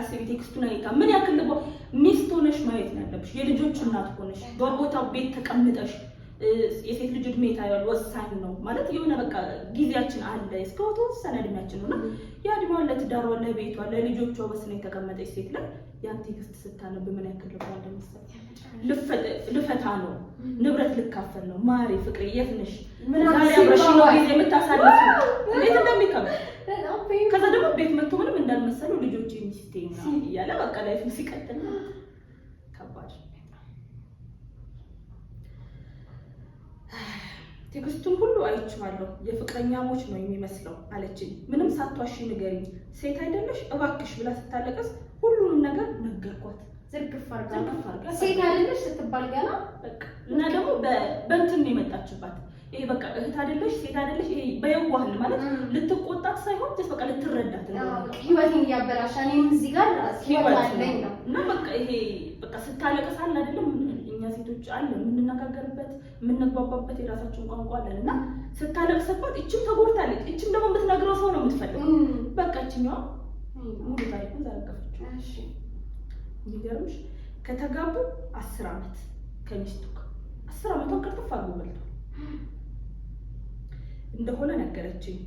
አስቢ ቴክስቱን አይታ ምን ያክል ልቦ ሚስት ሆነሽ ማየት ነው ያለብሽ። የልጆች እናት ሆነሽ በቦታው ቤት ተቀምጠሽ የሴት ልጅ እድሜ ታያል ወሳኝ ነው ማለት የሆነ በቃ ጊዜያችን አለ እስከ ተወሰነ እድሜያችን ነው ያ እድሜዋ ለትዳሯ፣ ለቤቷ፣ ለልጆቿ ወስነ የተቀመጠች ሴት ላይ ያን ቴክስት ስታነብ ምን ያክል ልቦ እንደምትሰጥ ልፈታ ነው ንብረት ልካፈል ነው ማሪ ፍቅሬ የት ነሽ ዛሬ ጊዜ የምታሳልፍ እንዴት እንደሚከብድ ከዛ ደግሞ ቤት መጥቶ ምንም እንዳልመሰለው ልጆች ሚስቴ እያለ በቃ ላይፍ ሲቀጥል ከባድ ቴክስቱን ሁሉ አይቼዋለሁ። የፍቅረኛሞች ነው የሚመስለው አለችኝ። ምንም ሳቷሺ ንገሪኝ፣ ሴት አይደለሽ እባክሽ ብላ ስታለቀስ ሁሉንም ነገር ነገርኳት። ዝርግፍ አድርጋ ሴት አይደለሽ ስትባል ገና እና ደግሞ በእንትን ነው የመጣችባት ይሄ በቃ እህት አይደለሽ ሴት አይደለሽ ይሄ በየዋህል ማለት ልትቆጣት ሳይሆን ጀስ በቃ ልትረዳት ነው። ህይወቴን እያበላሻ ነው እዚህ ጋር ህይወት አለኝ ነው እና በቃ ይሄ በቃ ስታለቅስ አለ አይደለም እኛ ሴቶች አለ የምንነጋገርበት የምንግባባበት የራሳችን ቋንቋ አለን እና ስታለቅስባት እችም ተጎድታለች እችም ደግሞ የምትነግረው ሰው ነው የምትፈልገው። በቃ እችኛዋ ሙሉ ታሪኩን ዘረገፈችው። የሚገርምሽ ከተጋቡ አስር አመት ከሚስቱ ጋር አስር ዓመቷን ቅርጥፍ አድርጎ በልቷል። እንደሆነ ነገረችኝ።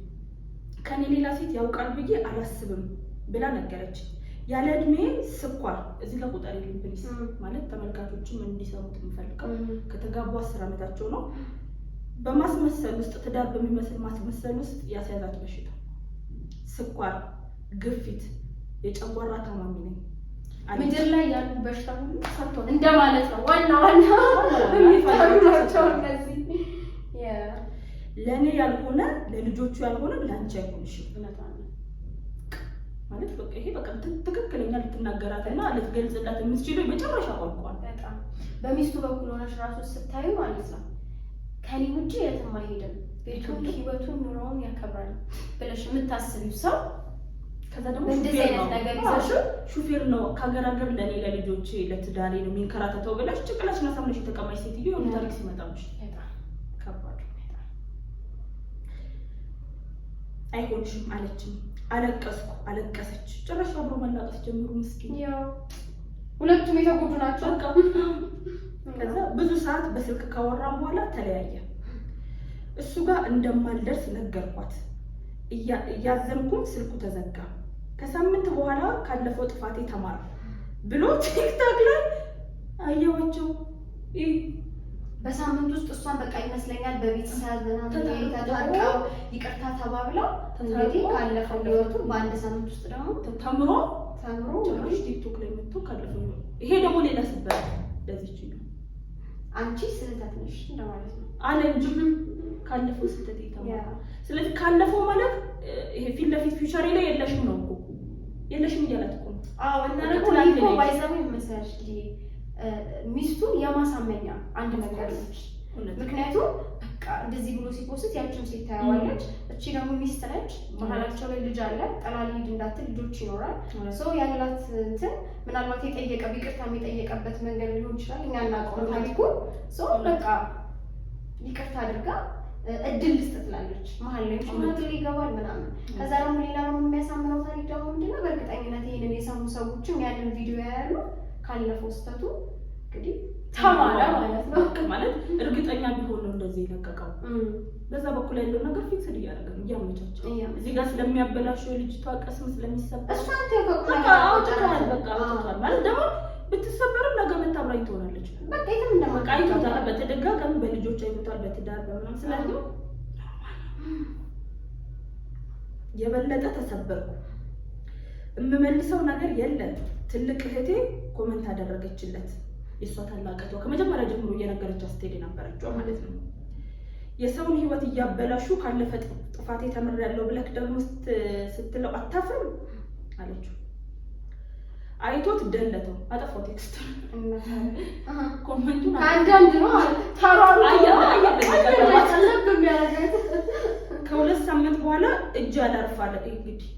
ከኔ ሌላ ሴት ያውቃል ብዬ አላስብም ብላ ነገረችኝ። ያለ እድሜ ስኳር እዚህ ጋር ቁጥር የለብን ማለት ተመልካቾችም እንዲሰሙት የምፈልገው ከተጋቡ አስር ዓመታቸው ነው። በማስመሰል ውስጥ ትዳር በሚመስል ማስመሰል ውስጥ ያስያዛት በሽታ ስኳር፣ ግፊት፣ የጨጓራ ታማሚ ነኝ ምድር ላይ ያሉ በሽታ ሁሉ ሰርቷል እንደማለት ነው። ዋና ዋና የሚፈሩ ናቸው እነዚህ ለእኔ ያልሆነ ለልጆቹ ያልሆነ ለአንቺ አይሆንሽም። ማለት በቃ ይሄ በቃ ትክክለኛ ልትናገራትና ልትገልጽላት የምትችለው የመጨረሻ ቋንቋል። በጣም በሚስቱ በኩል ሆነሽ ራሱ ስታዩ ማለት ነው ከኔ ውጭ የትም አይሄድም፣ ቤቱን፣ ህይወቱን፣ ኑሮውን ያከብራል ብለሽ የምታስቢው ሰው ከዛ ደግሞ እንደዚህ አይነት ነገር ይዘሽው ሹፌር ነው ከሀገር ሀገር ለእኔ ለልጆቼ ለትዳሬ ነው የሚንከራተተው ብለሽ ጭቅላሽ ናሳምነሽ የተቀማሽ ሴትዮ የሆነ ታሪክ ሲመጣብሽ ከባድ አይሆንሽም አለችኝ። አለቀስኩ፣ አለቀሰች። ጭራሽ አብሮ መላቀስ ጀምሩ። ምስኪን ሁለቱም የተጎዱ ናቸው። ከዛ ብዙ ሰዓት በስልክ ካወራም በኋላ ተለያየ። እሱ ጋር እንደማልደርስ ነገርኳት። እያዘንኩም ስልኩ ተዘጋ። ከሳምንት በኋላ ካለፈው ጥፋቴ ተማር ብሎ ቲክታክ ላይ አየዋቸው። በሳምንት ውስጥ እሷን በቃ ይመስለኛል በቤተሰብ ምናምን ተደርቀው ይቅርታ ተባብለው እንግዲህ ካለፈው ህይወቱ በአንድ ሳምንት ውስጥ ደግሞ ተምሮ ተምሮ ጭራሽ ቲክቶክ ላይ መጥቶ ካለፈው ይሄ ደግሞ ሌላ ስበት ለዚች አንቺ ስህተት ነሽ እንደማለት ነው አለ እንጂ ካለፈው ስህተት የተማ ስለዚህ ካለፈው ማለት ይሄ ፊት ለፊት ፊውቸሪ ላይ የለሽም ነው የለሽም እያላት እኮ ነው እና ባይዘቡ ይመስላል ሚስቱን የማሳመኛ አንድ ነገር ነች። ምክንያቱም በቃ እንደዚህ ብሎ ሲፖስት ያችም ሴት ታያዋለች። እቺ ደግሞ ሚስት ነች። መሀላቸው ላይ ልጅ አለ። ጠላ ልሂድ እንዳትል ልጆች ይኖራል። ሰው ያላት እንትን ምናልባት የጠየቀ ይቅርታ የጠየቀበት መንገድ ሊሆን ይችላል። እኛ እናውቀው ታሪኩ ሰው በቃ ይቅርታ አድርጋ እድል ልስጥ ትላለች። መሀል ላይ ሽማግሌ ይገባል ምናምን። ከዛ ደግሞ ሌላ የሚያሳምነው ታሪክ ደግሞ ምንድነው? በእርግጠኝነት ይህንን የሰሙ ሰዎችም ያንን ቪዲዮ ያያሉ ካለፈው ስህተቱ እንግዲህ ተማረ ማለት ነው። ማለት እርግጠኛ ቢሆን ነው እንደዚህ የለቀቀው። በዛ በኩል ያለው ነገር ፊክስድ እያደረገ ነው እያመቻቸው፣ እዚህ ጋር ስለሚያበላሸው የልጅቷ ቅስም ስለሚሰበር አውጥቷል። ማለት ደግሞ ብትሰበርም ነገ መታብራ አብራኝ ትሆናለች። በቃ አይቶታል፣ በተደጋጋሚ በልጆች አይቶታል፣ በትዳር በምናምን ስላየው የበለጠ ተሰበርኩ። የምመልሰው ነገር የለም ትልቅ እህቴ ኮመንት አደረገችለት። የእሷ ታላቀቷ ከመጀመሪያ ጀምሮ እየነገረች አስትሄድ የነበረችው ማለት ነው። የሰውን ህይወት እያበላሹ ካለፈ ጥፋቴ ተምሬያለሁ ብለህ ደግሞ ስትለው አታፍርም አለችው። አይቶት ደለተው አጠፋው። ቴክስት ኮመንቱን አንዳንድ ነው ከሁለት ሳምንት በኋላ እጅ አላርፋለ እንግዲህ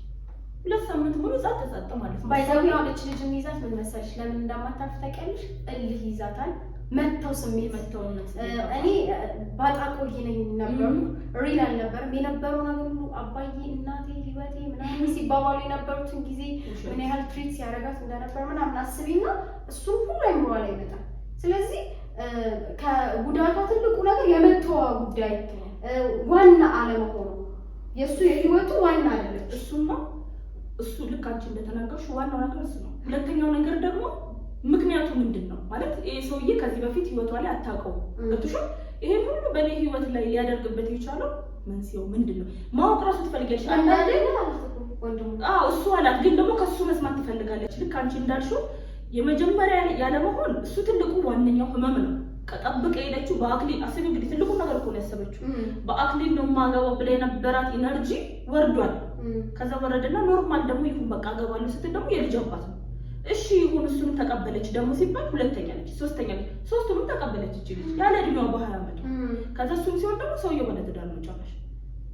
ሁለት ሳምንት ሙሉ ጻት ተጻጠ ማለት ነው። ባይዛው ያለች ልጅ የሚይዛት ምን መሰለሽ፣ ለምን እንደማታርፍ ታውቂያለሽ? እልህ ይዛታል። መተው ስሜት መተው እኔ ባጣ ቆይ ነበሩ ሪል አልነበረም የነበረው ነገር ሁሉ አባዬ፣ እናቴ፣ ህይወቴ ምናምን ሲባባሉ የነበሩትን ጊዜ ምን ያህል ትሪት ሲያደርጋት እንደነበር ምናምን አስቢና እሱም ሁሉ አይምሯ ላይ ይመጣል። ስለዚህ ከጉዳቷ ትልቁ ነገር የመተዋ ጉዳይ ዋና አለመሆኑ የእሱ የህይወቱ ዋና አይደለም እሱም ነው እሱ ልክ አንቺ እንደተናገርሽ ዋናው ነገር እሱ ነው። ሁለተኛው ነገር ደግሞ ምክንያቱ ምንድን ነው ማለት ይሄ ሰውዬ ከዚህ በፊት ህይወቷ ላይ አታውቀውም። ገብቶሽ ይሄን ሁሉ በእኔ ህይወት ላይ ሊያደርግበት የቻለው መንስኤው ምንድን ነው ማወቅ ራሱ ትፈልጋለች። አንዳንዴ እሱ አላት፣ ግን ደግሞ ከሱ መስማት ትፈልጋለች። ልክ አንቺ እንዳልሽው የመጀመሪያ ያለመሆን እሱ ትልቁ ዋነኛው ህመም ነው። ከጠብቀ የሄደችው በአክሊል አስቢ እንግዲህ ትልቁ ነገር እኮ ነው ያሰበችው። በአክሊል ነው የማገባው ብላ የነበራት ኢነርጂ ወርዷል። ከዛ ወረደና ኖርማል ደግሞ ይሁን በቃ አገባለሁ ስትል ደግሞ የልጅ አባት ነው። እሺ ይሁን እሱንም ተቀበለች ደግሞ ሲባል ሁለተኛ ልጅ፣ ሶስተኛ ልጅ፣ ሶስቱንም ተቀበለች እች ልጅ ያለ እድሜዋ በሀያ ዓመቷ። ከዛ እሱም ሲሆን ደግሞ ሰው የሆነ ትዳር ነው ጨራሽ።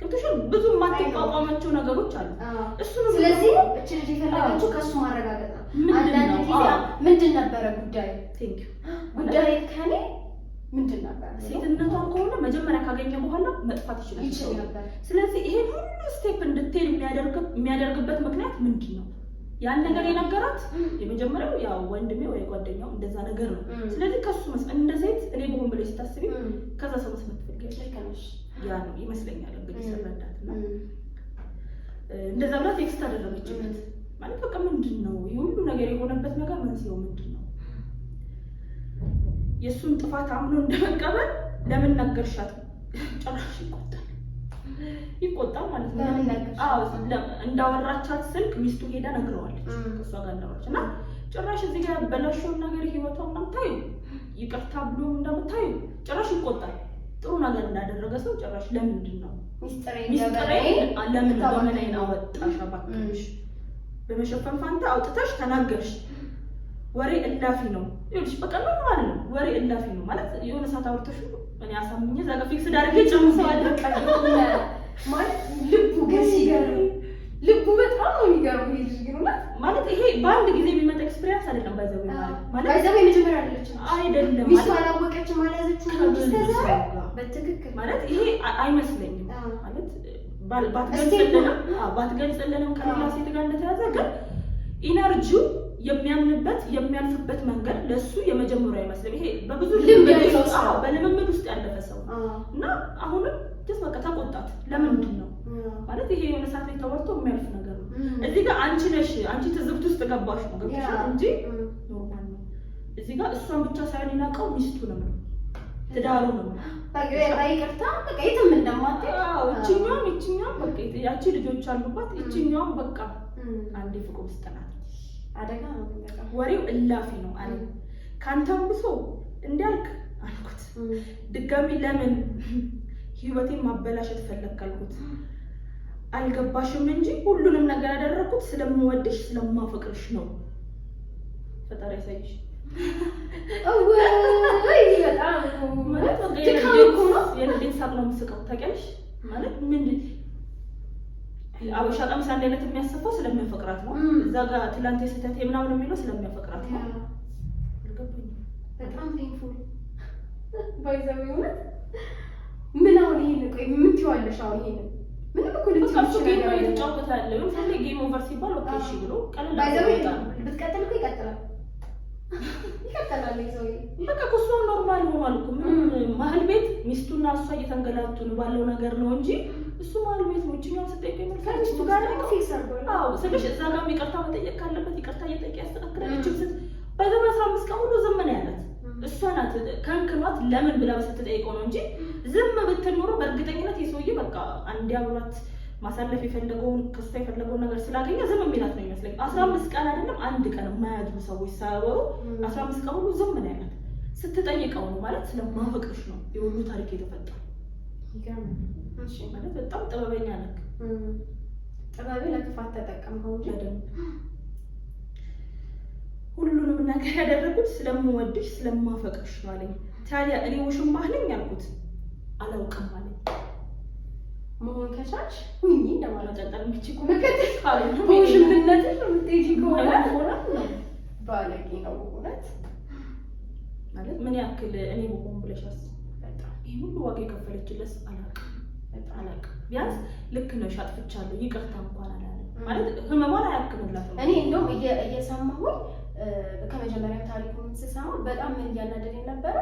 ገብቶሻል? ብዙ የማትቋቋማቸው ነገሮች አሉ። እሱ ስለዚህ እች ልጅ የፈለገችው ከእሱ ማረጋገጥ ነው። አንዳንድ ጊዜ ምንድን ነበረ ጉዳዩ ጉዳይ ከኔ ምንድን ነበር ሴትነቷን ከሆነ መጀመሪያ ካገኘ በኋላ መጥፋት ይችላል ነበር። ስለዚህ ይሄ ሁሉ ስቴፕ እንድትሄድ የሚያደርግበት ምክንያት ምንድን ነው? ያን ነገር የነገራት የመጀመሪያው ያው ወንድሜ ወይ ጓደኛው እንደዛ ነገር ነው። ስለዚህ ከሱ መስ እንደ ሴት እኔ በሆን ብለሽ ስታስቢ ከዛ ሰው መስመት ትፈልጊያለሽ። ያ ነው ይመስለኛል እንግዲህ ስረዳት እና እንደዛ ብላ ቴክስት አደረገችበት ማለት በቃ ምንድን ነው ይህ ሁሉ ነገር የሆነበት ነገር መንስኤው ምንድን ነው? የእሱን ጥፋት አምኖ እንደመቀበል ለምን ነገርሻት ጨራሽ ይቆጣል ይቆጣል ማለት ነው። እንዳወራቻት ስልክ ሚስቱ ሄዳ ነግረዋለች እሷ ጋር እንዳወራች እና ጭራሽ እዚህ ጋር በላሽውን ነገር ህይወቷ እንደምታዩ ይቅርታ ብሎ እንደምታዩ ጭራሽ ይቆጣል። ጥሩ ነገር እንዳደረገ ሰው ጭራሽ ለምንድን ነው ለምን በምን አይን አወጣሽ? በመሸፈን ፋንታ አውጥተሽ ተናገርሽ። ወሬ እላፊ ነው። ይኸውልሽ በቃ ነው ማለት ነው። ወሬ እላፊ ነው ማለት የሆነ ሰዓት አውርተሽ እኔ አሳምኜ እዛ ጋር ፊክስ ዳርጌ ማለት ልቡ ግን ይገርም ልቡ በጣም ነው የሚገርም ልጅ ግን ማለት ይሄ በአንድ ጊዜ የሚመጣ ኤክስፒሪያንስ አይደለም። ባይዘው ማለት ባይዘው የመጀመሪያ አይደለችም አይደለም ሚስቱ አላወቀችም አልያዘችም በትክክል ማለት ይሄ አይመስለኝም ማለት ባትገልጽልንም ባትገልጽልንም ከሌላ ሴት ጋር እንደተያዘ ግን ኢነርጂው የሚያምንበት የሚያልፍበት መንገድ ለሱ የመጀመሪያ አይመስልም። ይሄ በብዙ በልምምድ ውስጥ ያለፈ ሰው እና አሁንም ስ በቃ ተቆጣት። ለምንድን ነው ማለት ይሄ የሆነ ሰዓት ላይ ተወርቶ የሚያልፍ ነገር ነው። እዚህ ጋር አንቺ ነሽ አንቺ ትዝብት ውስጥ ገባሽ ነው ገብሻል እንጂ ኖርማል ነው። እዚህ ጋር እሷን ብቻ ሳይሆን ይናቀው ሚስቱ ነው ትዳሩ ነው። ይቅርታ በቃ የትም እንደማትሄድ ይችኛውም ይችኛውም ያቺ ልጆች አሉባት ይችኛውም በቃ አንዴ ፍቅር ውስጥ ናት። አደጋ ነው የሚመጣው። ወሬው እላፊ ነው አለ ካንተንብሶ እንዳልክ አልኩት። ድጋሚ ለምን ህይወቴን ማበላሸት ፈለግ ካልኩት አልገባሽም እንጂ ሁሉንም ነገር ያደረኩት ስለምወድሽ ስለማፈቅርሽ ነው። ፈጣሪ ያሳይሽ። በጣም ማለት ነው የልቤን ሳቅ ነው የምስቀው። ታውቂያለሽ ማለት ምን አበሻ ቀሚስ አንድ አይነት የሚያሰፋው ስለሚያፈቅራት ነው። እዛ ጋር ትላንት የስህተት ምናምን የሚለው ስለሚያፈቅራት ነው። በጣም ምን አሁን ይሄን አሁን ይሄን ነው ጌም ጌም ኦቨር ሲባል ኦኬ እሺ ብሎ ይቀጥላል ይቀጥላል። ይዘው ኖርማል ሆኗል እኮ መሀል ቤት ሚስቱና እሷ እየተንገላቱ ባለው ነገር ነው እንጂ እሱ ማሉ ቤት ነው። እችኛው ስጠይቀኝ ጋር ነው ስልሽ እዛ ጋርም ይቅርታ መጠየቅ ካለበት ይቅርታ እየጠየቀ ያስተካክላለች። ስት በገባ አስራ አምስት ቀን ሁሉ ዝም ነው ያላት እሷ ናት ከንክኗት ለምን ብላ ስትጠይቀው ነው እንጂ ዝም ብትል ኖሮ በእርግጠኝነት የሰውዬ በቃ አንድ አብሯት ማሳለፍ የፈለገውን ከሷ የፈለገውን ነገር ስላገኘ ዝም የሚላት ነው ይመስለኝ። አስራ አምስት ቀን አይደለም አንድ ቀን የማያድሩ ሰዎች ሳያወሩ አስራ አምስት ቀን ሁሉ ዝም ነው ያላት። ስትጠይቀው ነው ማለት ስለማፈቅርሽ ነው የሁሉ ታሪክ የተፈጠረው። ማለት በጣም ጥበበኛ ነክ ጥበብ ለክፋት ተጠቀምከው እንጂ በደንብ ሁሉንም ነገር ያደረጉት ስለምወድሽ ስለማፈቅርሽ ነው አለኝ። ታዲያ እኔ ውሽማህ ነኝ ያልኩት አላውቅም አለኝ። መሆን ከቻች ሁኚ ለማለጠጠር ምችኩ ሽምነት ምጤጅ ከሆነ ነው ባለጌ ነው እውነት ማለት ምን ያክል እኔ በሆን ብለሻስ? አስብ። ይህ ሁሉ ዋጋ የከፈለችለስ አላውቅም አላውቅም። ቢያንስ ልክ ነሽ አጥፍቻለሁ ይቅርታ እንኳን አላለም ማለት ህመሟን አያክምላትም። እኔ እንደውም እየሰማሁኝ ከመጀመሪያው ታሪኩን ስሰማ በጣም ምን እያናደደኝ ነበረ።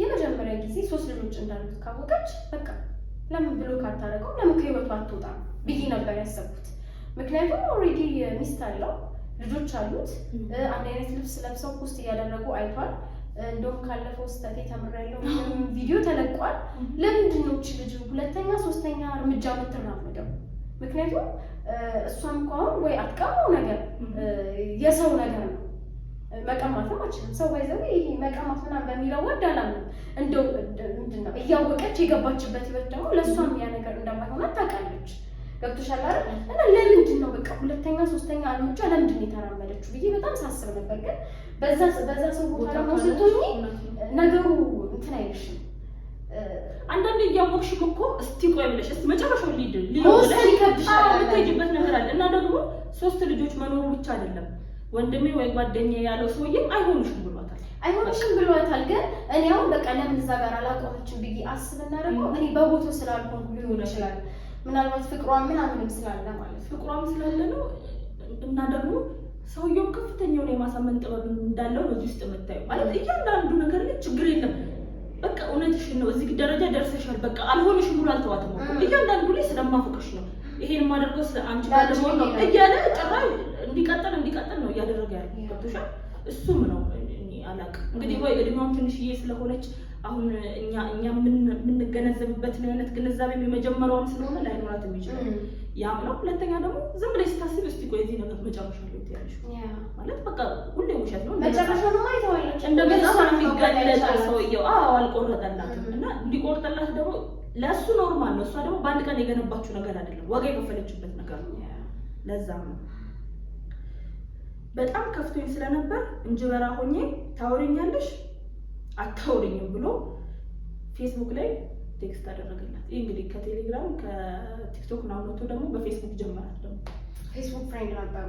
የመጀመሪያ ጊዜ ሶስት ልጆች እንዳሉት ካወቀች በቃ ለምን ብሎ ካታረገው ለምን ከህይወቱ አትወጣም ብዬ ነበር ያሰብኩት። ምክንያቱም ኦልሬዲ ሚስት አለው ልጆች አሉት። አንድ አይነት ልብስ ለብሰው ፖስት እያደረጉ አይቷል። እንደውም ካለፈው ስህተት የተምሬያለሁ ቪዲዮ ተለቋል። ለምንድን ነው እች ልጅ ሁለተኛ ሶስተኛ እርምጃ የምትራመደው? ምክንያቱም እሷም ከሆን ወይ አትቀማው ነገር የሰው ነገር ነው መቀማት አችልም ሰው ባይዘው ይሄ መቀማት ምናምን በሚለው ወድ አላምንም። እንደው ምንድን ነው እያወቀች የገባችበት ይበት ደግሞ ለእሷም ያ ነገር እንደማይሆን ታውቃለች። ገብቶሻል አይደል? እና ለምንድን ነው በቃ ሁለተኛ ሶስተኛ አልሞጫ ለምንድን ነው የተራመደችው ብዬ በጣም ሳስብ ነበር። ግን በዛ በዛ ሰው ቦታ ነው ስትሆኚ ነገሩ እንትን አይልሽም። አንዳንዴ እያወቅሽም እኮ እስቲ ቆይ ብለሽ እስቲ መጨረሻው ሊድ ሊሆንበት ነገር አለ እና ደግሞ ሶስት ልጆች መኖሩ ብቻ አይደለም ወንድሜ ወይ ጓደኛ ያለው ሰውዬም አይሆንሽም ብሏታል። አይሆንሽም ብሏታል። ግን እኔ አሁን በቃ ለምን እዛ ጋር አላቆመችም ብዬ አስብ እናደርገው እኔ በቦታው ስላልሆንኩ ሊሆን ይችላል ምናልባት ፍቅሯ ምናምንም ስላለ ማለት ፍቅሯም ስላለ ነው እና ደግሞ ሰውየው ከፍተኛውን የማሳመን ጥበብ እንዳለው እዚህ ውስጥ የምታዩ ማለት እያንዳንዱ ነገር ግን ችግር የለም። በቃ እውነትሽ ነው፣ እዚህ ደረጃ ደርሰሻል፣ በቃ አልሆንሽም ብሎ አልተዋትም። እያንዳንዱ ላይ ስለማፈቅሽ ነው ይሄን የማደርገው ስለ አንቺ ባለመሆን ነው እያለ ጭራሽ እንዲቀጥል እንዲቀጥል ነው እያደረገ ያለ ገብቶሻል። እሱም ነው አላቅ እንግዲህ ወይ እድሜዋም ትንሽዬ ስለሆነች አሁን እኛ እኛ የምንገነዘብበትን አይነት ግንዛቤ የመጀመሪያውን ስለሆነ ላይኖራት የሚችላል። ያም ነው። ሁለተኛ ደግሞ ዝም ብለሽ ስታስብ እስቲ ቆይ እዚህ ነገር መጨረሻ ላይ ትያለሽ ማለት በቃ ሁሌ ውሸት ነው። መጨረሻ ነው ማለት ነው። እንደገና የሚገለጣል ሰውየው። አዎ አልቆረጠላትም። እና እንዲቆርጠላት ደግሞ ለእሱ ኖርማል ነው። እሷ ደግሞ በአንድ ቀን የገነባችው ነገር አይደለም፣ ዋጋ የከፈለችበት ነገር ነው። ለዛ ነው በጣም ከፍቶኝ ስለነበር እንጅበራ ሆኜ ታወሪኛለሽ አታውሪኝም ብሎ ፌስቡክ ላይ ቴክስት አደረገላት። ይህ እንግዲህ ከቴሌግራም ከቲክቶክ ናውነቱ ደግሞ በፌስቡክ ጀመራት። ደግሞ ፌስቡክ ፍሬንድ ነበሩ፣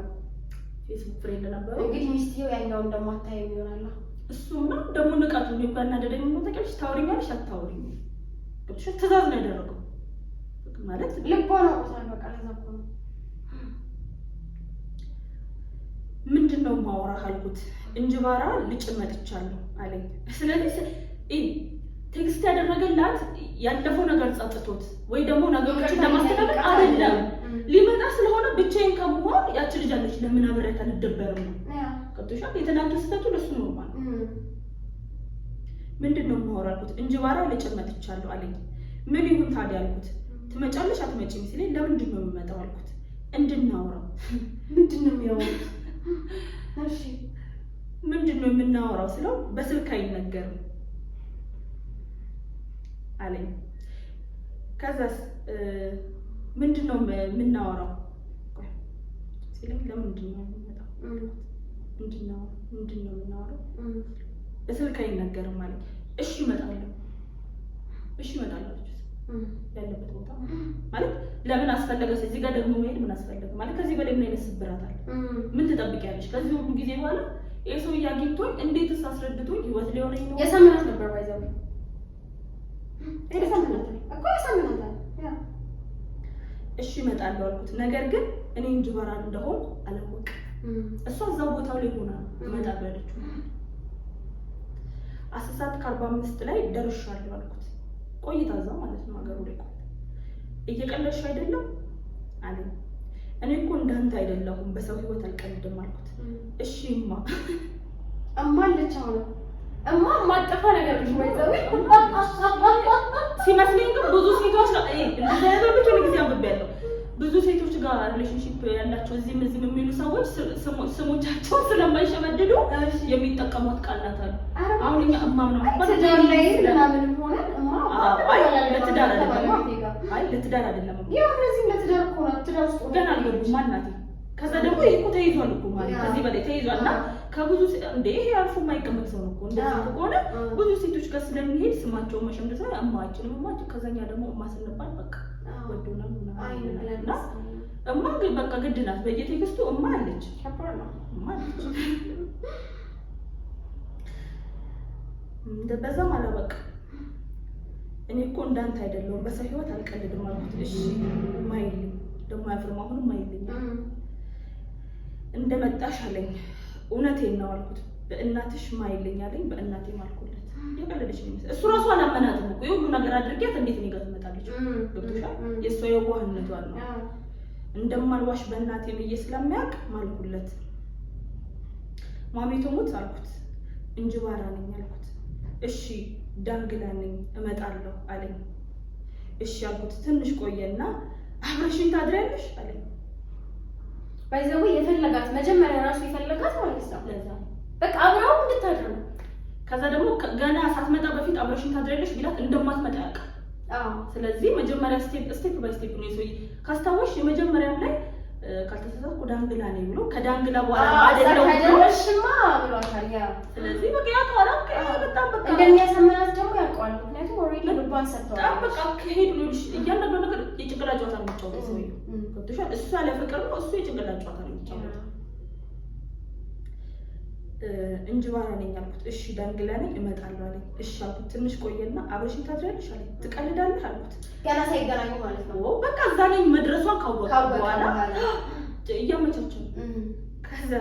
ፌስቡክ ፍሬንድ ነበሩ። እንግዲህ ሚስትየው ያኛውን ደግሞ አታየ ይሆናል። እሱ ነው ደግሞ ንቃቱ እንዲሁ ደደኝ ሆ ተቀች ታውሪኛለሽ፣ አታውሪኝ ትእዛዝ ነው ያደረገው ማለት ልቦ ነው ቁሳል በቃ ለዛ ነው ምንድን ነው ማውራ አልኩት እንጅባራ ልጭመጥቻለሁ መጥቻለሁ አለኝ። ስለዚህ ቴክስት ያደረገላት ያለፈው ነገር ጸጥቶት ወይ ደግሞ ነገሮችን ለማስተካከል አይደለም። ሊመጣ ስለሆነ ብቻዬን ከመሆን ያች ልጅ አለች ለምን አብሬያት አልደበርም ነው ቅዱሻ የትናንቱ ስህተቱ ለሱ ኖርማል ምንድን ነው የማወራው እንጅባራ ልጭመጥቻለሁ መጥቻለሁ አለኝ። ምን ይሁን ታዲያ አልኩት። ትመጫለሽ አትመጪም ሲለኝ ለምንድን ነው የምመጣው አልኩት። እንድናወራው ምንድን ነው የሚያወሩት? እሺ ምንድን ነው የምናወራው ስለው በስልክ አይነገርም አለኝ። ከዛስ ምንድን ነው የምናወራው ሲለኝ ለምንድን ነው የምንመጣው ምንድን ነው የምናወራው በስልክ አይነገርም አለኝ። እሺ እመጣለሁ፣ እሺ እመጣለሁ ያለበት ቦታ ማለት ለምን አስፈለገ? እዚህ ጋር ደግሞ መሄድ ምን አስፈለገ? ማለት ከዚህ በላይ ምን አይነት ስብራት አለ? ምን ትጠብቂያለሽ? ከዚህ ሁሉ ጊዜ በኋላ የሰው እያግኝቶኝ እንዴት አስረድቶ ህይወት ሊሆነኝ ነው። የሳምናት ነበር ባይዘው እኮ እሺ እመጣለሁ አልኩት። ነገር ግን እኔ እንጅበራ እንደሆን አላወቅ እሷ እዛው ቦታው ላይ ሆና እመጣለሁ ያለችው አስር ሰዓት ከአርባ አምስት ላይ ደርሻለሁ አልኩት። ቆይታ እዛው ማለት ነው ሀገሩ ላይ እየቀለድሽ አይደለም አለ እኔ እኮ እንዳንተ አይደለሁም፣ በሰው ህይወት አልቀልድም አልኩት። እሺ እማ እማ እማለች አሁን እማ ማጠፋ ነገር ሲመስለኝ ግን ብዙ ሴቶች ብዙ ጊዜ አንብቤ ያለው ብዙ ሴቶች ጋር ሪሌሽንሽፕ ያላቸው እዚህም እዚህም የሚሉ ሰዎች ስሞቻቸው ስለማይሸመድዱ የሚጠቀሟት ቃላት አሉ። አሁን እኛ እማም ነው ለትዳር አይደለም፣ ለትዳር አይደለም ከዛ ውስጥ ገና አልገቡም እናቴ። ከዛ ደግሞ ይሄ እኮ ተይዟል እኮ ማለት ከዚህ በላይ ተይዟል እና ከብዙ እንደ ይሄ አልፎ የማይቀመጥ ሰው ነው እኮ እንደዚህ ከሆነ ብዙ ሴቶች ጋር ስለሚሄድ ስማቸውን መሸምደሳ እማችን ማች ከዛኛ ደግሞ እማ ስንባል በቃ ወዶናል እማ ግን በቃ ግድ ናት። በየቴክስቱ እማ አለች እማ አለች እንደበዛም እኔ እኮ እንዳንተ አይደለሁም በሰው ህይወት አልቀልድም አልኩት። እሺ ማይል ደግሞ አያፍርም። አሁንም አይልኝም እንደመጣሽ አለኝ። እውነቴን ነው አልኩት። በእናትሽ ማይልኝ አለኝ። በእናቴም አልኩለት። የቀለደች ነው እሱ ራሱ አላመናትም እኮ የሁሉ ነገር አድርጌያት እንዴት እኔ ጋር ትመጣለች? ገብቶሻል? የእሷ የዋህነቷን ነው እንደማልዋሽ በእናቴ ብዬ ስለሚያውቅ ማልኩለት። ማሜቶ ሙት አልኩት። እንጅባራ ነኝ አልኩት። እሺ ዳንግላ ነኝ እመጣለሁ አለኝ። እሺ አልኩት። ትንሽ ቆየና አብረሽኝ ታድሪያለሽ አለኝ። ባይዘው የፈለጋት መጀመሪያ ራሱ የፈለጋት ማለት ነው። ለዛ በቃ አብረው እንድታድር ነው። ከዛ ደግሞ ገና ሳትመጣ በፊት አብረሽኝ ታድሪያለሽ ቢላት እንደማትመጣ ያውቃል። ስለዚህ መጀመሪያ ስቴፕ ስቴፕ ባይ ስቴፕ ነው የሰውዬ ካስታወሽ የመጀመሪያም ላይ ካልተሳሳትኩ ዳንግላ ነኝ ብሎ ከዳንግላ በኋላ አይደለም ብሏታል። ስለዚህ በቃ ያውቀዋል። በጣም በቃ እንደሚያሳምናት ደግሞ ያውቀዋል። ልቧን ሰጥተዋል። ነገር ጨዋታ የሚጫወተው እሱ ያለ ፍቅር ነው፣ እሱ የጭንቅላት ጨዋታ ነው የሚጫወተው። እንጂ ነኝ አልኩት። እሺ ዳንግላ ነኝ እመጣለሁ አለኝ። እሺ አልኩት። ትንሽ ቆየና አብረሽኝ ታድሪያለሽ አለኝ። ትቀልዳለህ አልኩት። ገና ሳይገናኙ ማለት ነው። በቃ እዛ ላይ መድረሷን ካወቀ በኋላ እያመቻቸው ከዛ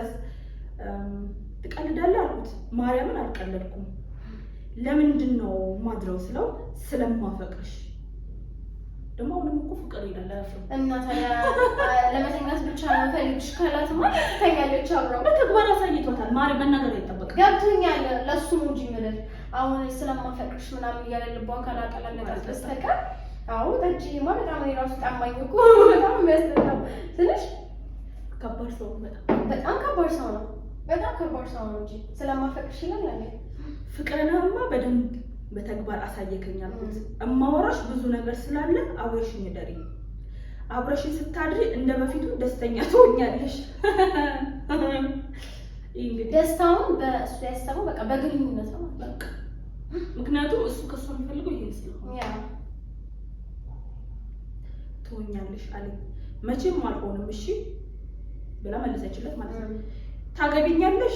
ትቀልዳለህ አልኩት። ማርያምን አልቀለድኩም ለምንድን ነው ማድረው ስለው ስለማፈቅርሽ ደግሞ አሁንም እኮ ፍቅር ይላል እና ታዲያ ለመተኛት ብቻ ነው ፈልግሽ ካላት ማለት ትተኛለች። አብረው በተግባር አሳይቷታል። ማሪ መናገር አይጠበቅ ገብቶኛል። ለሱ ነው እንጂ ምልል አሁን ስለማፈቅርሽ ምናምን እያለ ልቧን ካላቀላለላት በስተቀር አሁን ጠጪ ማ በጣም ራሱ ጣማኝ እኮ በጣም የሚያስጠላው ትንሽ ከባድ ሰው በጣም ከባድ ሰው ነው። በጣም ከባድ ሰው ነው እንጂ ስለማፈቅርሽ ይላል ያለ ፍቅርንማ በደንብ በተግባር አሳየከኝ አልኩት። እማወራሽ ብዙ ነገር ስላለ አብረሽኝ እደሪ። አብረሽኝ ስታድሪ እንደ በፊቱ ደስተኛ ትሆኛለሽ። ደስታውን በእሱ ያሰበው በቃ በግንኙነት ነው። በቃ ምክንያቱም እሱ ከሱ የሚፈልገው ይሄ ስለሆነ ትሆኛለሽ አለ። መቼም አልሆንም እሺ ብላ መለሰችለት ማለት ነው። ታገቢኛለሽ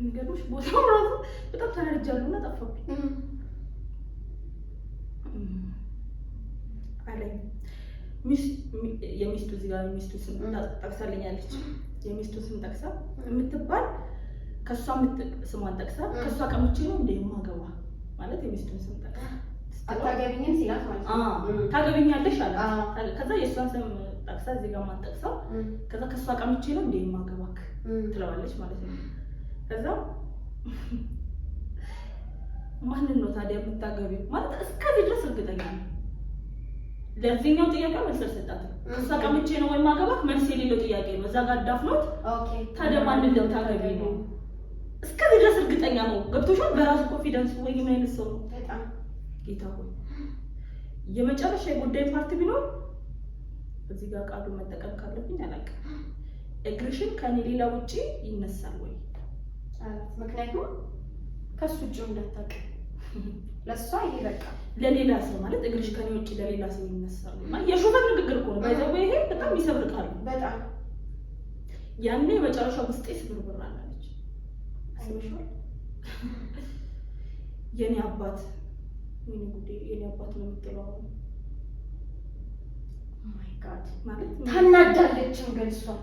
የሚገርምሽ ቦታ ራሱ በጣም ተረድጃለሁ እና ጠፋብኝ አለኝ። የሚስቱ እዚህ ጋር የሚስቱ ስም ጠቅሳልኛለች። የሚስቱ ስም ጠቅሳ የምትባል ከእሷ ስሟን ጠቅሳ ከእሷ ቀምቼ ነው እንደ የማገባ ማለት የሚስቱን ስም ጠቅሳ አታገቢኝም ሲላት አለ። ከዛ የእሷን ስም ጠቅሳ እዚህ ጋር ማን ጠቅሳ ከዛ ከእሷ ቀምቼ ነው እንደ የማገባክ ትለዋለች ማለት ነው ከዛ ማንን ነው ታዲያ የምታገቢው? ማለት እስከዚህ ድረስ እርግጠኛ ነው። ለዚህኛው ጥያቄ መልስ ነው ወይም አገባት መልስ የሌለው ጥያቄ ነው። እዛ ጋር ዳፍኖት ታዲያ ማንን ነው ታገቢ ነው? እስከዚህ ድረስ እርግጠኛ ነው። ገብቶሻል? በራሱ ኮንፊደንስ ወይ ምን አይነት ሰው ነው? ጌታ ሆይ የመጨረሻ የጉዳይ ፓርቲ ቢኖር እዚህ ጋር ቃሉ መጠቀም ካለብኝ አላውቅም። እግርሽን ከኔ ሌላ ውጪ ይነሳል ወይ ምክንያቱም ከሱ ውጭ እንዳታውቅ ለእሷ ይሄ በቃ ለሌላ ሰው ማለት እግርሽ ከኔ ውጭ ለሌላ ሰው ይነሳሉ የሾፈር ንግግር እኮ ነው። ባይዘው ይሄ በጣም ይሰብርቃሉ። በጣም ያኔ የመጨረሻው ውስጤ ስብርብር አላለች። የኔ አባት ምን ጉዴ የኔ አባት ነው የምትለው ማይ ጋድ oh ማለት ታናዳለች እንገልጿል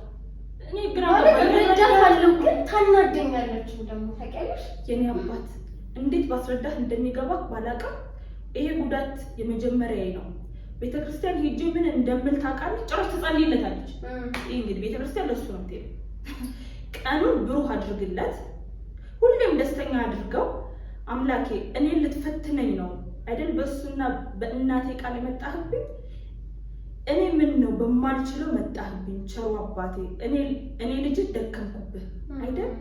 እረዳት ግን ታናደኛለች። ደግሞ ታውቂያለሽ የኔ አባት እንዴት ባስረዳት እንደሚገባ ባላውቅም ይሄ ጉዳት የመጀመሪያ ነው። ቤተክርስቲያን ሄጄ ምን እንደምል ታውቃለች። ጭራሽ ትጸልይለታለች። ይህ እንግዲህ ቤተክርስቲያን ለሱ ነው የምትሄደው። ቀኑን ብሩህ አድርግለት፣ ሁሌም ደስተኛ አድርገው። አምላኬ እኔን ልትፈትነኝ ነው አይደል? በእሱና በእናቴ ቃል የመጣህብኝ እኔ ምን ነው በማልችለው መጣህብኝ፣ ቸሩ አባቴ፣ እኔ ልጅ ደከምኩብህ አይደል?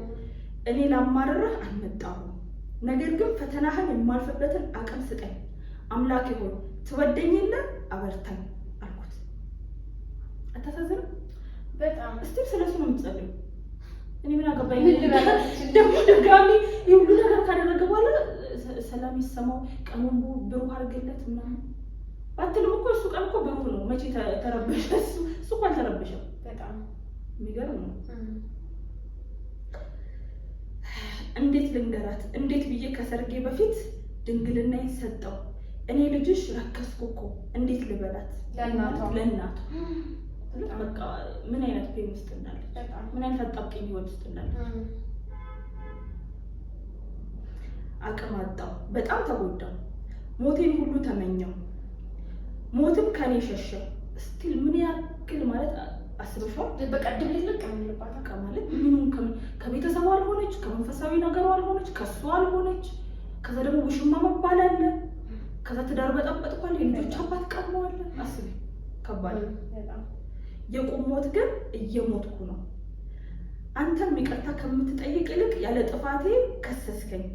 እኔ ላማርርህ አልመጣሁም። ነገር ግን ፈተናህን የማልፍበትን አቅም ስጠኝ። አምላክ ሆይ ትወደኝ አበርታኝ አልኩት። አታሳዝንም? በጣም እስቲ ስለሱ ነው የምትጸልዩ። እኔ ምን አገባኝ ደግሞ ድጋሚ የሁሉ ነገር ካደረገ በኋላ ሰላም ይሰማው ቀኑን ብሩህ አድርገለት ምናምን ባትልም እኮ እሱ ቀን እኮ ብሩ ነው። መቼ ተረበሸ? እሱ እኮ አልተረበሸም። በጣም የሚገርም ነው። እንዴት ልንገራት? እንዴት ብዬ ከሰርጌ በፊት ድንግልና ሰጠው። እኔ ልጅሽ ረከስኩ እኮ እንዴት ልበላት? ለእናቱ? በቃ ምን አይነት ፔን ውስጥ እንዳለች፣ ምን አይነት አጣብቂኝ ህይወት ውስጥ እንዳለች አቅም አጣው። በጣም ተጎዳው። ሞቴን ሁሉ ተመኘው ሞትም ከኔ ሸሸ። ስቲል ምን ያክል ማለት አስበሻል? በቀድም ልጅ ልቅ የምንባት ማለት ምንም ከቤተሰቡ አልሆነች፣ ከመንፈሳዊ ነገሩ አልሆነች፣ ከእሱ አልሆነች። ከዛ ደግሞ ውሽማ መባል አለ። ከዛ ትዳር በጠበጥኳል። የልጆች አባት ቀመዋለ። አስቢ ከባድ የቁም ሞት ግን እየሞትኩ ነው። አንተም ይቅርታ ከምትጠይቅ ይልቅ ያለ ጥፋቴ ከሰስከኝ።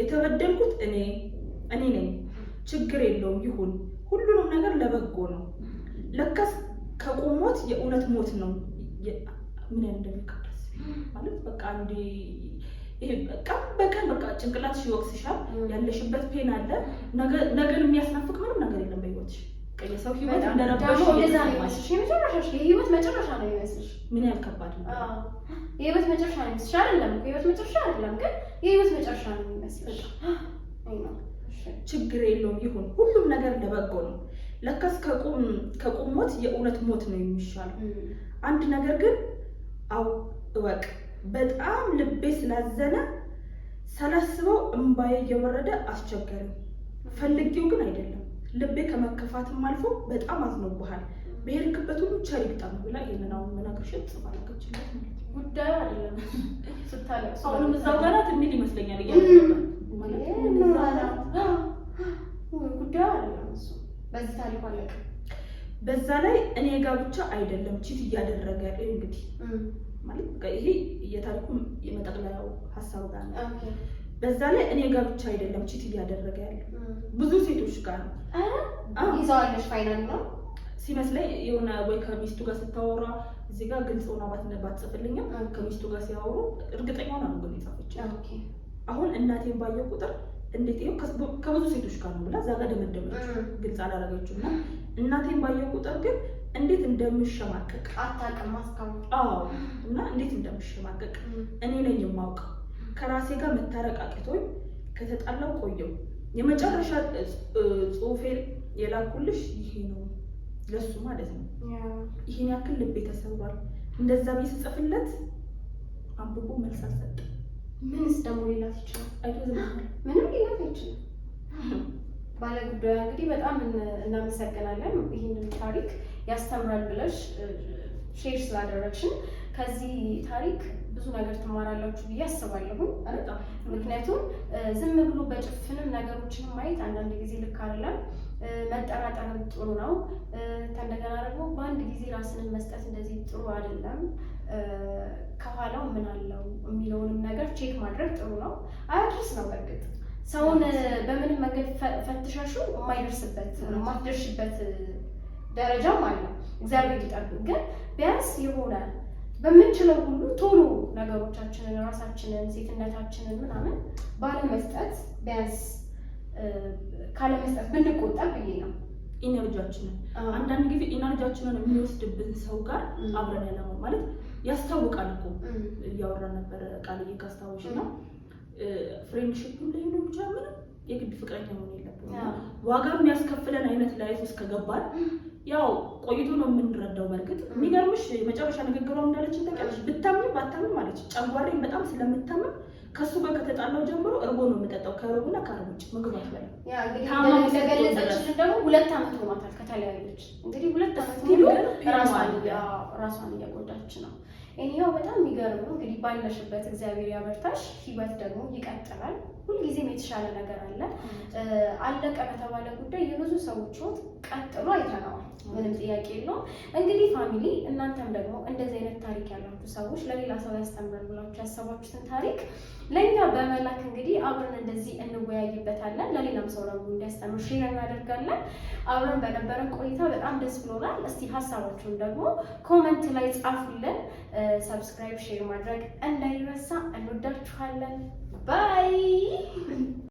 የተበደልኩት እኔ እኔ ነኝ። ችግር የለውም ይሁን ሁሉንም ነገር ለበጎ ነው። ለካስ ከቆሞት የእውነት ሞት ነው። ምን ያህል እንደሚከብድ ማለት በቃ አንዴ ቀን በቀን በቃ ጭንቅላት ይወቅስሻል። ያለሽበት ፔን አለ። ነገር የሚያስናፍቅ ምንም ነገር የለም በህይወትሽ የሰው ህይወት እንደረባሽ የመጨረሻሽ የህይወት መጨረሻ ነው የሚመስልሽ። ምን ያህል ከባድ ነው። የህይወት መጨረሻ ነው የሚመስልሽ አይደለም? የህይወት መጨረሻ አይደለም ግን የህይወት መጨረሻ ነው የሚመስልሽ። ችግር የለውም ይሁን፣ ሁሉም ነገር ለበጎ ነው። ለካስ ከቁም ሞት የእውነት ሞት ነው የሚሻለው። አንድ ነገር ግን አው እወቅ፣ በጣም ልቤ ስላዘነ ሳላስበው እምባዬ እየወረደ አስቸገረኝ። ፈልጌው ግን አይደለም ልቤ ከመከፋትም አልፎ በጣም አዝኖብሃል። በሄድክበት ሁሉ ቸር ይግጠም ብላ ይህንን አሁን መናገርሽን ጽፋ ላከችለት። ጉዳዩ አይደለም ስታለቅስ አሁንም እዛው ጋራት ትሚል ይመስለኛል እያ በዚህ ታሪክ አለቀ። በዛ ላይ እኔ ጋር ብቻ አይደለም ቺት እያደረገ እንግዲህ ማለት ይሄ የታሪኩ የመጠቅለያው ሀሳብ ጋር ነው። በዛ ላይ እኔ ጋር ብቻ አይደለም ቺት እያደረገ ያለ ብዙ ሴቶች ጋር ነው። ይዘዋለች ፋይናል ነው ሲመስለኝ የሆነ ወይ ከሚስቱ ጋር ስታወራ እዚህ ጋር ግልጽ ሆና ባትጽፍልኝም ከሚስቱ ጋር ሲያወሩ እርግጠኛ ሆና ነው ግን የጻፈችው አሁን እናቴን ባየው ቁጥር እንዴት ይኸው ከብዙ ሴቶች ጋር ነው ብላ እዛ ጋር ደመደመች። ግልጽ አላደረገችው እና እናቴን ባየው ቁጥር ግን እንዴት እንደምሸማቀቅ አታውቅም። አዎ። እና እንዴት እንደምሸማቀቅ እኔ ነኝ የማውቀው። ከራሴ ጋር መታረቅ አቅቶኝ ከተጣላው ቆየው። የመጨረሻ ጽሑፌን የላኩልሽ ይሄ ነው ለሱ ማለት ነው። ይሄን ያክል ልቤ ተሰብሯል። እንደዛ ቢስጽፍለት አንብቦ መልስ አልሰጠም። ምንስ ደግሞ ሌላት ይችላል? ምንም ሌላት አይችልም። ባለ ጉዳዩ እንግዲህ በጣም እናመሰግናለን። ይህንን ታሪክ ያስተምራል ብለሽ ሼር ስላደረግሽን ከዚህ ታሪክ ብዙ ነገር ትማራላችሁ ብዬ አስባለሁ። ምክንያቱም ዝም ብሎ በጭፍንም ነገሮችን ማየት አንዳንድ ጊዜ ልክ አይደለም። መጠራጠርም ጥሩ ነው። ከእንደገና ደግሞ በአንድ ጊዜ ራስንን መስጠት እንደዚህ ጥሩ አይደለም። ከኋላው ምን አለው የሚለውንም ነገር ቼክ ማድረግ ጥሩ ነው። አያድርስ ነው በእርግጥ ሰውን በምንም መንገድ ፈትሸሹ የማይደርስበት የማትደርሽበት ደረጃም አለ። እግዚአብሔር ይጠብቅ። ግን ቢያንስ የሆነ በምንችለው ሁሉ ቶሎ ነገሮቻችንን ራሳችንን፣ ሴትነታችንን ምናምን ባለመስጠት ቢያንስ ካለመስጠት ብንቆጠብ ብዬ ነው። ኢነርጂያችንን አንዳንድ ጊዜ ኢነርጂያችንን የሚወስድብን ሰው ጋር አብረን ያለመው ማለት ያስታውቃል እኮ እያወራ ነበረ ቃል ካስታወሽ ነው ፍሬንድሽፕ ላይ ነው ብቻ ምን የግድ ፍቅረኛ መሆን የለብንም። ዋጋ የሚያስከፍለን አይነት ላይፍ ውስጥ ያው ቆይቶ ነው የምንረዳው። በእርግጥ የሚገርምሽ የመጨረሻ ንግግሯ እንዳለች ተቀያለች ብታምኝ ባታምኝ አለች። ጨጓራዬን በጣም ስለምታምም ከሱ ጋር ከተጣላው ጀምሮ እርጎ ነው የምጠጣው፣ ከእርጎና ከአርጎ ውጭ ምግብ አትበላም። ገለጸችን ደግሞ ሁለት ዓመት ሆኗታል ከተለያየች። እንግዲህ ሁለት ዓመት ራሷን እያጎዳች ነው ይሄው በጣም የሚገርም እንግዲህ ባለሽበት እግዚአብሔር ያበርታሽ፣ ህይወት ደግሞ ይቀጥላል። ሁልጊዜም የተሻለ ነገር አለ። አለቀ በተባለ ጉዳይ የብዙ ሰዎች ሕይወት ቀጥሎ አይተነዋል። ምንም ጥያቄ የለው። እንግዲህ ፋሚሊ፣ እናንተም ደግሞ እንደዚህ አይነት ታሪክ ያላችሁ ሰዎች ለሌላ ሰው ያስተምራል ብላችሁ ያሰባችሁትን ታሪክ ለእኛ በመላክ እንግዲህ አብረን እንደዚህ እንወያይበታለን። ለሌላም ሰው ደግሞ እንዲያስተምር ሼር እናደርጋለን። አብረን በነበረን ቆይታ በጣም ደስ ብሎናል። እስቲ ሀሳባችሁን ደግሞ ኮመንት ላይ ጻፉልን። ሰብስክራይብ፣ ሼር ማድረግ እንዳይረሳ። እንወዳችኋለን። Bye.